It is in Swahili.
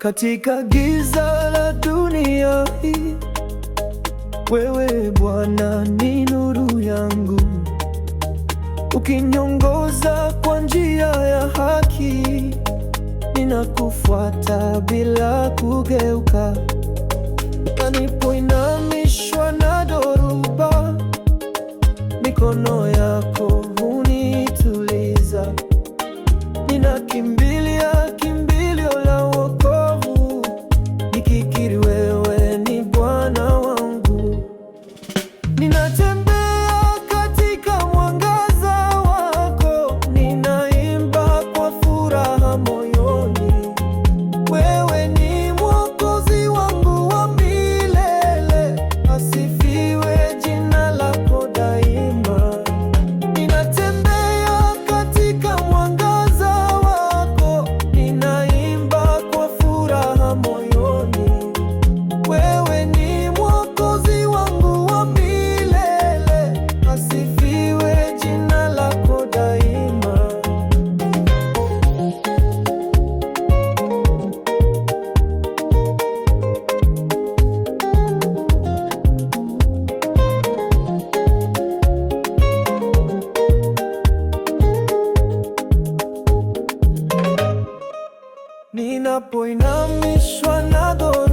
katika giza la dunia hii, wewe Bwana ni nuru yangu, ukiniongoza kwa njia ya haki, ninakufuata bila kugeuka. Nanipoinamishwa na dhoruba, mikono yako ninapoinamishwa na dhoruba